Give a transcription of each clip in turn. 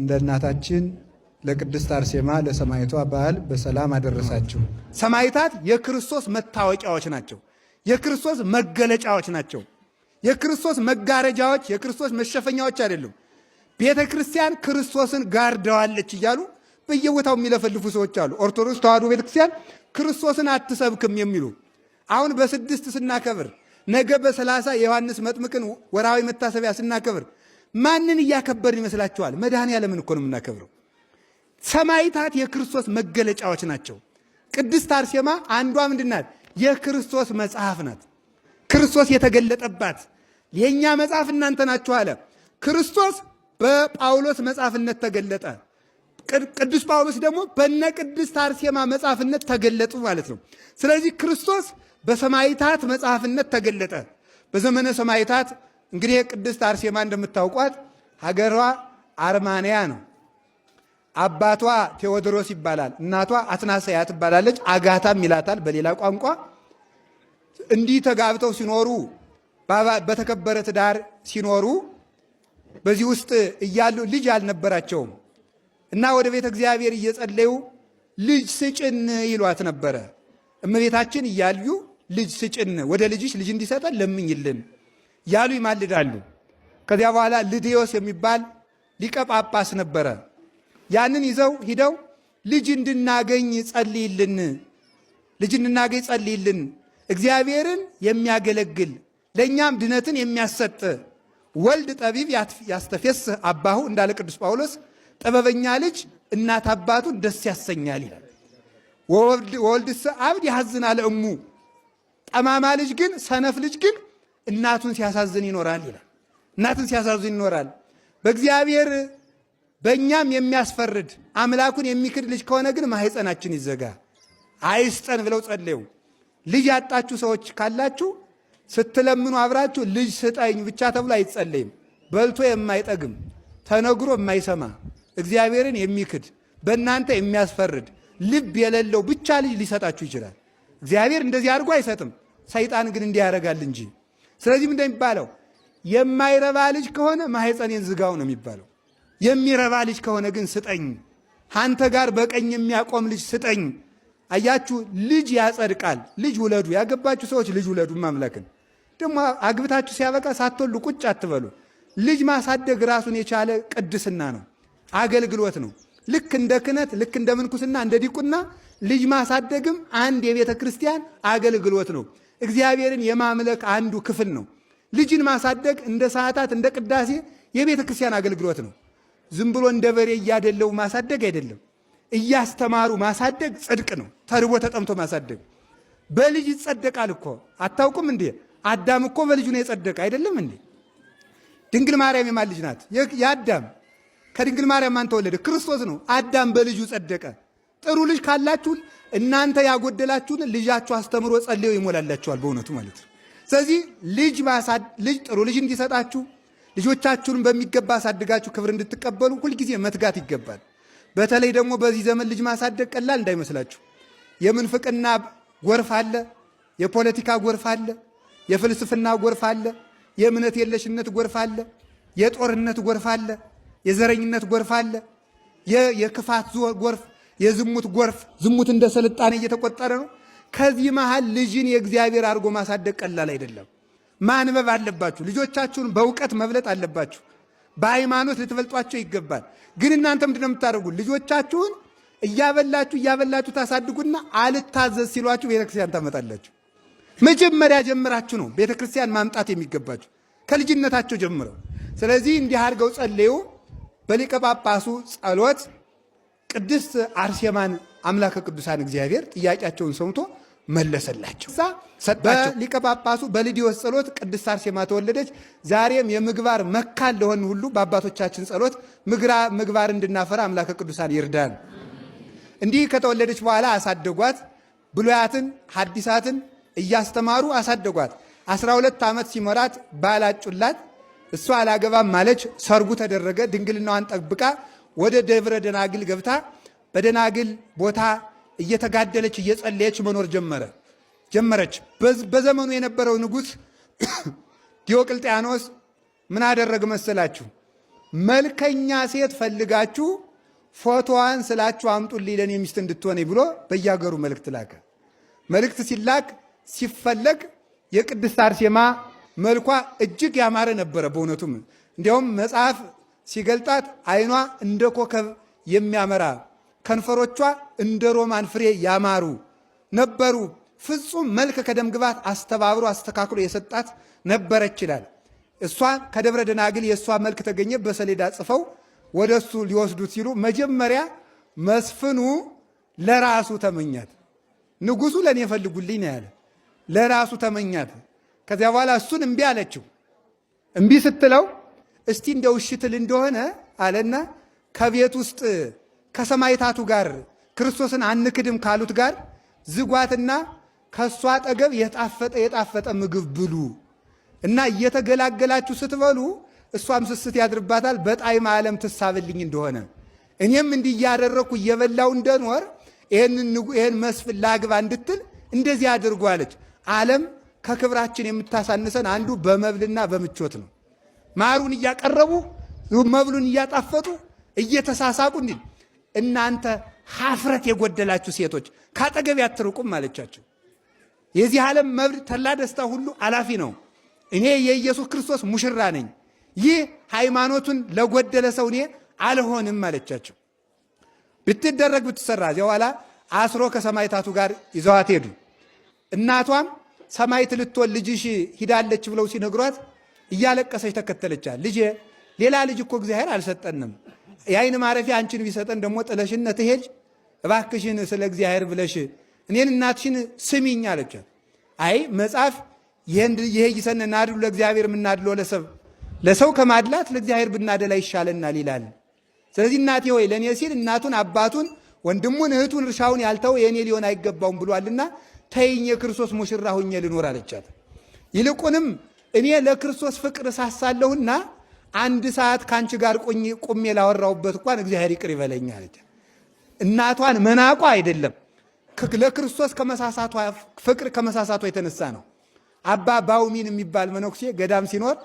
እንደ እናታችን ለቅድስት አርሴማ ለሰማይቷ በዓል በሰላም አደረሳችሁ። ሰማይታት የክርስቶስ መታወቂያዎች ናቸው። የክርስቶስ መገለጫዎች ናቸው። የክርስቶስ መጋረጃዎች፣ የክርስቶስ መሸፈኛዎች አይደሉም። ቤተ ክርስቲያን ክርስቶስን ጋርደዋለች እያሉ በየቦታው የሚለፈልፉ ሰዎች አሉ። ኦርቶዶክስ ተዋሕዶ ቤተ ክርስቲያን ክርስቶስን አትሰብክም የሚሉ አሁን በስድስት ስናከብር ነገ በሰላሳ የዮሐንስ መጥምቅን ወርሃዊ መታሰቢያ ስናከብር ማንን እያከበርን ይመስላችኋል? መድኃኔ ዓለምን እኮ ነው የምናከብረው። ሰማይታት የክርስቶስ መገለጫዎች ናቸው። ቅድስት አርሴማ አንዷ ምንድናት? የክርስቶስ መጽሐፍ ናት። ክርስቶስ የተገለጠባት የእኛ መጽሐፍ እናንተ ናችሁ አለ። ክርስቶስ በጳውሎስ መጽሐፍነት ተገለጠ። ቅዱስ ጳውሎስ ደግሞ በነ ቅድስት አርሴማ መጽሐፍነት ተገለጡ ማለት ነው። ስለዚህ ክርስቶስ በሰማይታት መጽሐፍነት ተገለጠ። በዘመነ ሰማይታት እንግዲህ ቅድስት አርሴማ እንደምታውቋት ሀገሯ አርማንያ ነው። አባቷ ቴዎድሮስ ይባላል። እናቷ አትናሳያ ትባላለች። አጋታም ይላታል በሌላ ቋንቋ። እንዲህ ተጋብተው ሲኖሩ በተከበረ ትዳር ሲኖሩ በዚህ ውስጥ እያሉ ልጅ አልነበራቸውም እና ወደ ቤተ እግዚአብሔር እየጸለዩ ልጅ ስጭን ይሏት ነበረ። እመቤታችን እያልዩ ልጅ ስጭን፣ ወደ ልጅሽ ልጅ እንዲሰጠን ለምኝልን ያሉ ይማልዳሉ። ከዚያ በኋላ ልድዮስ የሚባል ሊቀ ጳጳስ ነበረ። ያንን ይዘው ሂደው ልጅ እንድናገኝ ጸልይልን፣ ልጅ እንድናገኝ ጸልይልን፣ እግዚአብሔርን የሚያገለግል ለእኛም ድነትን የሚያሰጥ ወልድ ጠቢብ ያስተፌስህ አባሁ እንዳለ ቅዱስ ጳውሎስ ጥበበኛ ልጅ እናት አባቱን ደስ ያሰኛል ይላል። ወወልድሰ አብድ ያሐዝን አለ እሙ። ጠማማ ልጅ ግን ሰነፍ ልጅ ግን እናቱን ሲያሳዝን ይኖራል ይላል። እናቱን ሲያሳዝን ይኖራል። በእግዚአብሔር በእኛም የሚያስፈርድ አምላኩን የሚክድ ልጅ ከሆነ ግን ማህፀናችን ይዘጋ አይስጠን ብለው ጸለዩ። ልጅ ያጣችሁ ሰዎች ካላችሁ ስትለምኑ አብራችሁ ልጅ ስጠኝ ብቻ ተብሎ አይጸለይም። በልቶ የማይጠግም ተነግሮ የማይሰማ እግዚአብሔርን የሚክድ በእናንተ የሚያስፈርድ ልብ የሌለው ብቻ ልጅ ሊሰጣችሁ ይችላል። እግዚአብሔር እንደዚህ አድርጎ አይሰጥም። ሰይጣን ግን እንዲህ ያደርጋል እንጂ ምንድ እንደሚባለው የማይረባ ልጅ ከሆነ ማህፀኔን ዝጋው ነው የሚባለው። የሚረባ ልጅ ከሆነ ግን ስጠኝ፣ አንተ ጋር በቀኝ የሚያቆም ልጅ ስጠኝ። አያችሁ፣ ልጅ ያጸድቃል። ልጅ ውለዱ፣ ያገባችሁ ሰዎች ልጅ ውለዱ። ማምለክን ደግሞ አግብታችሁ ሲያበቃ ሳትወሉ ቁጭ አትበሉ። ልጅ ማሳደግ ራሱን የቻለ ቅድስና ነው፣ አገልግሎት ነው። ልክ እንደ ክነት ልክ እንደ ምንኩስና፣ እንደ ዲቁና ልጅ ማሳደግም አንድ የቤተ ክርስቲያን አገልግሎት ነው። እግዚአብሔርን የማምለክ አንዱ ክፍል ነው። ልጅን ማሳደግ እንደ ሰዓታት፣ እንደ ቅዳሴ የቤተ ክርስቲያን አገልግሎት ነው። ዝም ብሎ እንደ በሬ እያደለው ማሳደግ አይደለም። እያስተማሩ ማሳደግ ጽድቅ ነው። ተርቦ ተጠምቶ ማሳደግ በልጅ ይጸደቃል እኮ አታውቁም እንዴ? አዳም እኮ በልጁ ነው የጸደቀ አይደለም እንዴ? ድንግል ማርያም የማን ልጅ ናት? የአዳም ከድንግል ማርያም ማን ተወለደ? ክርስቶስ ነው። አዳም በልጁ ጸደቀ። ጥሩ ልጅ ካላችሁን እናንተ ያጎደላችሁን ልጃችሁ አስተምሮ ጸልዮ ይሞላላችኋል። በእውነቱ ማለት ነው። ስለዚህ ልጅ ልጅ ጥሩ ልጅ እንዲሰጣችሁ ልጆቻችሁን በሚገባ አሳድጋችሁ ክብር እንድትቀበሉ ሁልጊዜ መትጋት ይገባል። በተለይ ደግሞ በዚህ ዘመን ልጅ ማሳደግ ቀላል እንዳይመስላችሁ። የምንፍቅና ጎርፍ አለ፣ የፖለቲካ ጎርፍ አለ፣ የፍልስፍና ጎርፍ አለ፣ የእምነት የለሽነት ጎርፍ አለ፣ የጦርነት ጎርፍ አለ። የዘረኝነት ጎርፍ አለ፣ የክፋት ጎርፍ፣ የዝሙት ጎርፍ። ዝሙት እንደ ስልጣኔ እየተቆጠረ ነው። ከዚህ መሃል ልጅን የእግዚአብሔር አድርጎ ማሳደግ ቀላል አይደለም። ማንበብ አለባችሁ። ልጆቻችሁን በእውቀት መብለጥ አለባችሁ። በሃይማኖት ልትበልጧቸው ይገባል። ግን እናንተ ምንድን የምታደርጉ? ልጆቻችሁን እያበላችሁ እያበላችሁ ታሳድጉና አልታዘዝ ሲሏችሁ ቤተክርስቲያን ታመጣላችሁ። መጀመሪያ ጀምራችሁ ነው ቤተክርስቲያን ማምጣት የሚገባችሁ ከልጅነታቸው ጀምረው። ስለዚህ እንዲህ አድርገው ጸልዩ። በሊቀ ጳጳሱ ጸሎት ቅድስት አርሴማን አምላከ ቅዱሳን እግዚአብሔር ጥያቄያቸውን ሰምቶ መለሰላቸው። በሊቀ ጳጳሱ በልዲዮስ ጸሎት ቅድስት አርሴማ ተወለደች። ዛሬም የምግባር መካን ለሆን ሁሉ በአባቶቻችን ጸሎት ምግባር እንድናፈራ አምላከ ቅዱሳን ይርዳን። እንዲህ ከተወለደች በኋላ አሳደጓት። ብሉያትን ሐዲሳትን እያስተማሩ አሳደጓት። 12 ዓመት ሲሞራት ባላጩላት እሷ አላገባም ማለች። ሰርጉ ተደረገ። ድንግልናዋን ጠብቃ ወደ ደብረ ደናግል ገብታ በደናግል ቦታ እየተጋደለች እየጸለየች መኖር ጀመረ ጀመረች። በዘመኑ የነበረው ንጉሥ ዲዮቅልጥያኖስ ምን አደረግ መሰላችሁ? መልከኛ ሴት ፈልጋችሁ ፎቶዋን ስላችሁ አምጡልኝ ለኔ ሚስት እንድትሆነ ብሎ በያገሩ መልእክት ላከ። መልእክት ሲላክ ሲፈለግ የቅድስት አርሴማ መልኳ እጅግ ያማረ ነበረ። በእውነቱም እንዲያውም መጽሐፍ ሲገልጣት ዓይኗ እንደ ኮከብ የሚያመራ ከንፈሮቿ እንደ ሮማን ፍሬ ያማሩ ነበሩ። ፍጹም መልክ ከደም ግባት አስተባብሮ አስተካክሎ የሰጣት ነበረች ይላል። እሷ ከደብረ ደናግል የእሷ መልክ ተገኘ በሰሌዳ ጽፈው ወደ እሱ ሊወስዱት ሲሉ መጀመሪያ መስፍኑ ለራሱ ተመኛት። ንጉሱ ለእኔ ፈልጉልኝ ነው ያለ። ለራሱ ተመኛት። ከዚያ በኋላ እሱን እምቢ አለችው። እምቢ ስትለው እስቲ እንደ ውሽትል እንደሆነ አለና ከቤት ውስጥ ከሰማይታቱ ጋር ክርስቶስን አንክድም ካሉት ጋር ዝጓትና ከእሷ አጠገብ የጣፈጠ የጣፈጠ ምግብ ብሉ እና እየተገላገላችሁ ስትበሉ እሷም ስስት ያድርባታል። በጣይም ዓለም ትሳብልኝ እንደሆነ እኔም እንዲህ እያደረግኩ እየበላው እንደኖር ይህን መስፍን ላግባ እንድትል እንደዚህ አድርጓለች ዓለም ከክብራችን የምታሳንሰን አንዱ በመብልና በምቾት ነው። ማሩን እያቀረቡ መብሉን እያጣፈጡ እየተሳሳቁ እንዲል እናንተ ሀፍረት የጎደላችሁ ሴቶች ካጠገቤ አትርቁም አለቻቸው። የዚህ ዓለም መብል ተላ ደስታ ሁሉ አላፊ ነው። እኔ የኢየሱስ ክርስቶስ ሙሽራ ነኝ። ይህ ሃይማኖቱን ለጎደለ ሰው እኔ አልሆንም አለቻቸው። ብትደረግ ብትሰራ እዚያ ኋላ አስሮ ከሰማይታቱ ጋር ይዘዋት ሄዱ። እናቷም ሰማዕት ልትሆን ልጅሽ ሂዳለች ብለው ሲነግሯት እያለቀሰች ተከተለቻል። ልጄ ሌላ ልጅ እኮ እግዚአብሔር አልሰጠንም፣ የአይን ማረፊያ አንቺን ቢሰጠን ደግሞ ጥለሽነ ትሄድ እባክሽን ስለ እግዚአብሔር ብለሽ እኔን እናትሽን ስሚኝ አለቻት። አይ መጽሐፍ ይሄ ይሰን እናድሉ ለእግዚአብሔር የምናድሎ ለሰብ ለሰው ከማድላት ለእግዚአብሔር ብናደላ ይሻለናል ይላል። ስለዚህ እናቴ ሆይ ለእኔ ሲል እናቱን፣ አባቱን፣ ወንድሙን፣ እህቱን፣ እርሻውን ያልተው የእኔ ሊሆን አይገባውም ብሏልና ተይኝ የክርስቶስ ሙሽራ ሁኜ ልኖር አለቻት። ይልቁንም እኔ ለክርስቶስ ፍቅር እሳሳለሁና አንድ ሰዓት ከአንቺ ጋር ቁሜ ላወራሁበት እንኳን እግዚአብሔር ይቅር ይበለኝ አለቻት። እናቷን መናቋ አይደለም ለክርስቶስ ከመሳሳቷ ፍቅር ከመሳሳቷ የተነሳ ነው። አባ ባውሚን የሚባል መነኩሴ ገዳም ሲኖር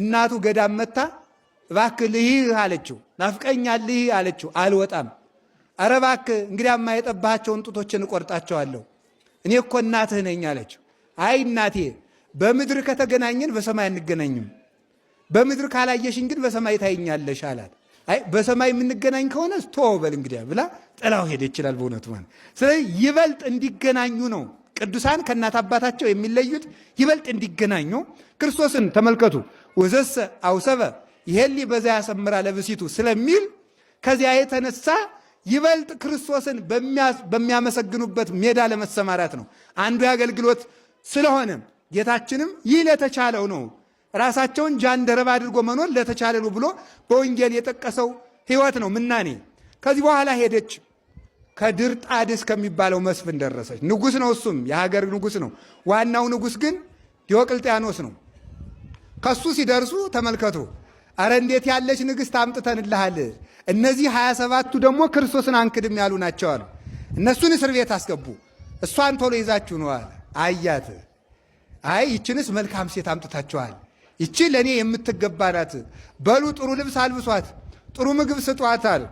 እናቱ ገዳም መታ እባክህ ልሂህ አለችው። ናፍቀኛል ልሂህ አለችው። አልወጣም። ኧረ እባክህ እንግዲያማ የጠባሃቸውን ጡቶችን እቆርጣቸዋለሁ እኔ እኮ እናትህ ነኝ አለችው። አይ እናቴ በምድር ከተገናኘን በሰማይ አንገናኝም፣ በምድር ካላየሽኝ ግን በሰማይ ታይኛለሽ አላት። አይ በሰማይ የምንገናኝ ከሆነ ስቶ በል እንግዲያ ብላ ጥላው ሄደ። ይችላል በእውነቱ ማለት ስለዚህ ይበልጥ እንዲገናኙ ነው። ቅዱሳን ከእናት አባታቸው የሚለዩት ይበልጥ እንዲገናኙ ክርስቶስን ተመልከቱ። ወዘሰ አውሰበ ይሄሊ በዛ ያሰምራ ለብሲቱ ስለሚል ከዚያ የተነሳ ይበልጥ ክርስቶስን በሚያመሰግኑበት ሜዳ ለመሰማራት ነው አንዱ የአገልግሎት ስለሆነ ጌታችንም ይህ ለተቻለው ነው ራሳቸውን ጃንደረባ አድርጎ መኖር ለተቻለ ነው ብሎ በወንጌል የጠቀሰው ሕይወት ነው ምናኔ። ከዚህ በኋላ ሄደች፣ ከድርጣድስ ከሚባለው መስፍን ደረሰች። ንጉሥ ነው እሱም የሀገር ንጉሥ ነው። ዋናው ንጉሥ ግን ዲዮቅልጥያኖስ ነው። ከሱ ሲደርሱ ተመልከቱ፣ አረ እንዴት ያለች ንግሥት አምጥተንልሃል እነዚህ ሀያ ሰባቱ ደግሞ ክርስቶስን አንክድም ያሉ ናቸው አሉ። እነሱን እስር ቤት አስገቡ፣ እሷን ቶሎ ይዛችሁ ነው አለ። አያት አይ ይችንስ መልካም ሴት አምጥታችኋል፣ ይቺ ለእኔ የምትገባ ናት። በሉ ጥሩ ልብስ አልብሷት፣ ጥሩ ምግብ ስጧት አለ።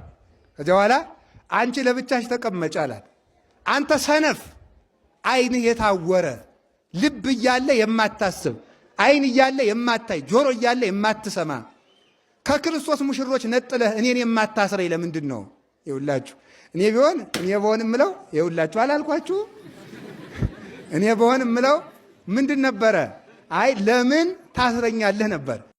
ከዚያ በኋላ አንቺ ለብቻሽ ተቀመጭ አላት። አንተ ሰነፍ፣ አይንህ የታወረ ልብ እያለ የማታስብ አይን እያለ የማታይ ጆሮ እያለ የማትሰማ ከክርስቶስ ሙሽሮች ነጥለህ እኔን የማታስረኝ ለምንድን ነው? ይውላችሁ እኔ ቢሆን እኔ በሆን ምለው ይውላችሁ አላልኳችሁ? እኔ በሆን ምለው ምንድን ነበረ? አይ ለምን ታስረኛለህ ነበር።